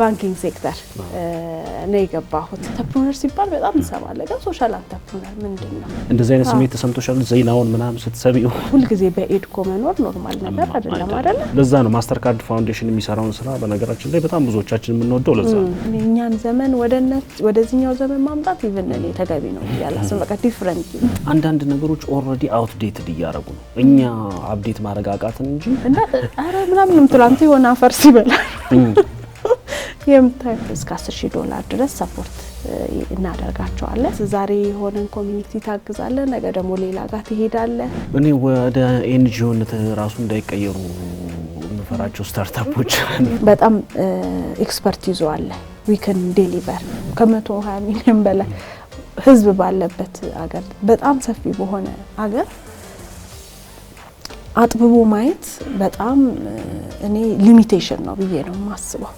ባንኪንግ ሴክተር ነው የገባሁት። ተፕሮነር ሲባል በጣም እንሰማለን፣ ግን ሶሻል አንተፕሮነር ምንድን ነው? እንደዚህ አይነት ስሜት ተሰምቶሻል? ዜናውን ምናምን ስትሰቢው ሁልጊዜ በኤድኮ መኖር ኖርማል ነገር አይደለም አይደለ? ለዛ ነው ማስተር ካርድ ፋውንዴሽን የሚሰራውን ስራ በነገራችን ላይ በጣም ብዙዎቻችን የምንወደው ለዛ ነው። እኛን ዘመን ወደዚህኛው ዘመን ማምጣት ይብን እኔ ተገቢ ነው እያላስም በቃ ዲፍረንት አንዳንድ ነገሮች ኦልሬዲ አውትዴትድ እያደረጉ ነው። እኛ አብዴት ማረጋጋትን እንጂ እና ኧረ ምናምንም ትላንት የሆነ አፈር ሲበላል የምታዩት እስከ 10 ሺህ ዶላር ድረስ ሰፖርት እናደርጋቸዋለን። ዛሬ የሆነን ኮሚኒቲ ታግዛለ፣ ነገ ደግሞ ሌላ ጋር ትሄዳለ። እኔ ወደ ኤንጂኦነት ራሱ እንዳይቀየሩ የምፈራቸው ስታርታፖች በጣም ኤክስፐርት ይዘዋለ ዊክን ዴሊቨር ከ120 ሚሊዮን በላይ ህዝብ ባለበት አገር በጣም ሰፊ በሆነ አገር አጥብቦ ማየት በጣም እኔ ሊሚቴሽን ነው ብዬ ነው የማስበው።